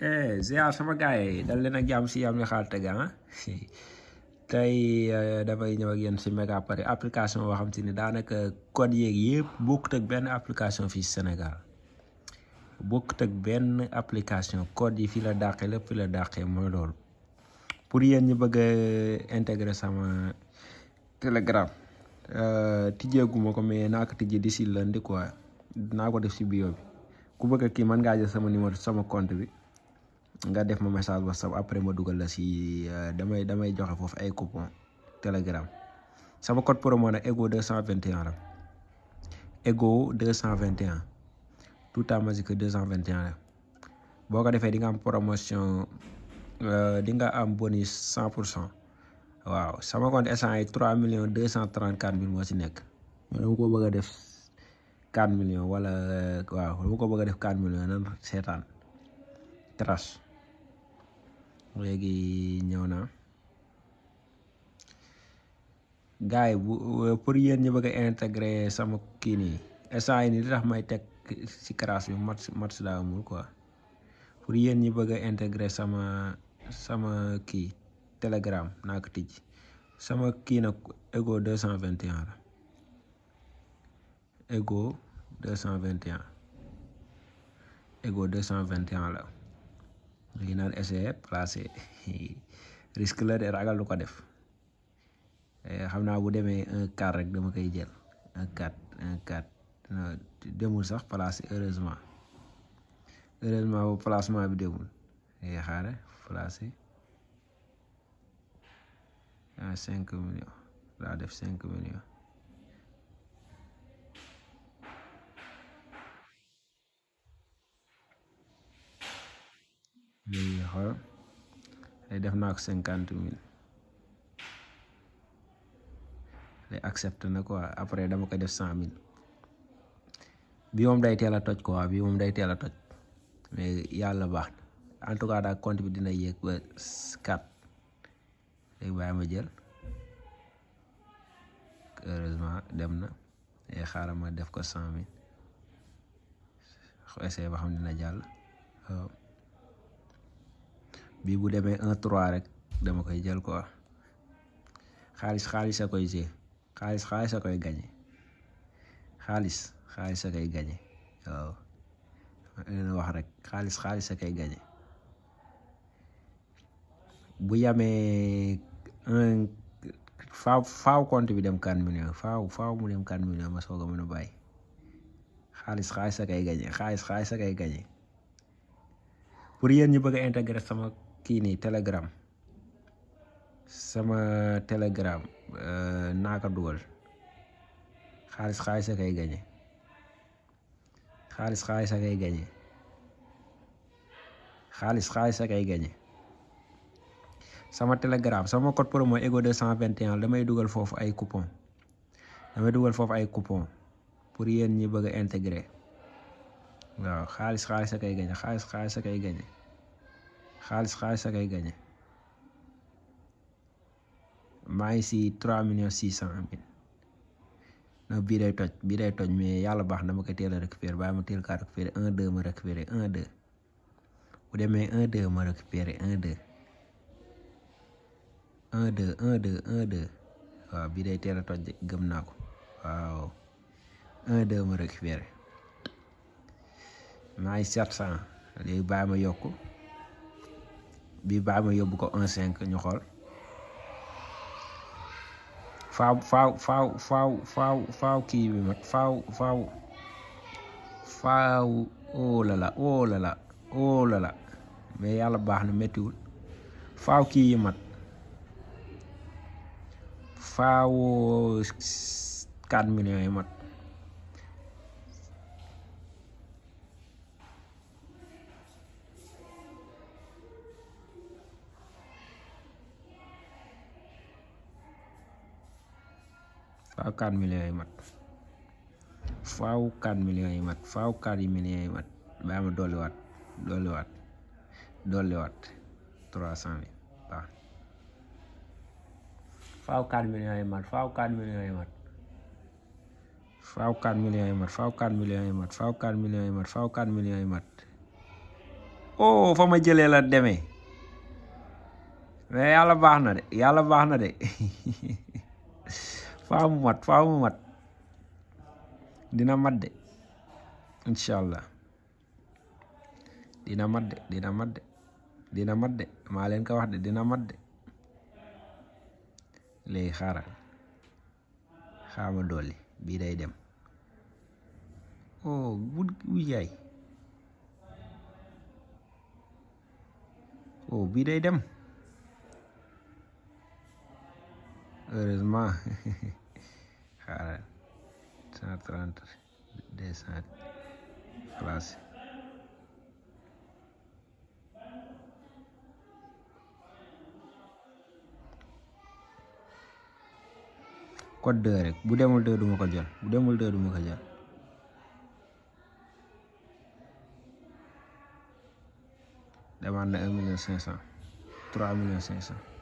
Eh, ziar sama gars yi dal leen ak jàmm si yam li xaar tega ah tey eh, damay ñëw ak yéen si méga pare application boo xam te ni daanaka code yeeg yëpp bokkut ak benn application fii Sénégal bokkut ak benn application code yi fii la dàqee lépp fi la dàqee mooy loolu pour yéen ñu bëgg a intégrer sama Telegram eh, tijjeeguma ko mais naa ko tijji d'ici lundi quoi dinaa ko def si bio bi ku bëgg kii mën ngaa jël sama numéro sama compte bi. nga def ma message whatsapp après ma dugal la si euh, damay damay joxe foofu ay coupon telegram sama code promo nag ego 221 la ego 221 tout à magique 221 la boo ko defee di nga am promotion euh, di nga am bonus 100 pour cent waaw sama compte instant yi 3 millions 234 mille moo si nekk ma bëgg a def 4 wala waaw dama ko bëgg a def 4 euh, millions nan seetaan trash léegi ñëw na gars yi bu euh, pour yéen ñu bëgg a intégré sama kii nii instant nii li tax may teg ci crash bi match match daa amul quoi pour yéen ñu bëgg a intégré sama sama kii telegram naa ko tijji sama kii nag ego 221 la ego cent 221 ego cent 221 la. li naan essai placé risque la de ragal du ko def eh, xam naa bu demee un quart rek dama koy jël un quart un quart demul sax placé heureusement heureusement bu placement bi demul eh, xaare placé cinq millions laa def cinq millions xool def naa ko cinquante mille léegi accepté na quoi après dama ko def cent mille bi moom day teel a toj quoi bi moom day teel a toj mais yàlla baax na en tout cas daal compte bi dina yéeg ba quatre léegi bàyyi ma jël heureusement dem na léegi xaaral def ko cent mille essayer ba xam dina jàll bi bu demee un trois rek dama koy jël ko xaalis xaalis a koy jé xaalis xaalis a koy gañe xaalis xaalis a koy gañe wax rek xaalis xaalis a bu yamee un faaw faaw compte bi dem kan millions faa faaw mu dem quatre millions ma soog a mën a bàyyi xaalis xaalis a koy gañe xaalis xaalis a koy gañe pour yéen ñu bëgg a intégrer sama kii nii telegram sama telegram euh, naa ko dugal xaalis xaalis a koy gañe xaalis xaalis a koy gañe xaalis xaalis a koy gañe sama telegram sama code promo ego 221 damay dugal foofu ay coupon damay dugal foofu ay coupon pour yéen ñi bëgg a intégré waaw xaalis xaalis a koy gañe xaalis xaalis a koy gañe xaalis xaalis a gañe maa ngi si trois millions six cent mille ndax bii day toj bii day toj mais yàlla baax na ma ko teel a récupérer bàyyi teel kaa récupérer un deux ma récupérer un deux un deux un deux un bii day teel a toj gëm naa ko waaw un deux ma récupérer maa ngi sept cent léegi bàyyi ma yokk bii baax ma yóbbu ko un cinq ñu xool faaw faaw faaw faaw faaw faaw faaw faaw faaw oh la la oh la la oh mais yàlla baax na méttiwul faaw kii yi faaw 4 millions yi mat faaw 4 millions yi mat faaw 4 millions yi mat faaw 4 millions yi mat bàyyi ma dolliwaat dolliwaat dolliwaat 300 mille baax faaw 4 millions yi mat faaw 4 millions yi mat faaw 4 millions yi mat faaw 4 millions yi mat faaw 4 millions yi mat faaw 4 millions yi mat oh fa ma jëlee la demee mais yàlla baax na de yàlla baax na de faaw mu mat faaw mat dina mat de incha allah dina mat de dina mat de dina mat de maa ko wax de dina mat de léegi xaaral xaama dolli bii day dem oh bu yaay oh bii day dem heureusement xaaral cent trente deux cent place code deux rek bu demul deux duma ko jël bu demul deux duma ko jël demande na un million cinq cent trois millions cinq cent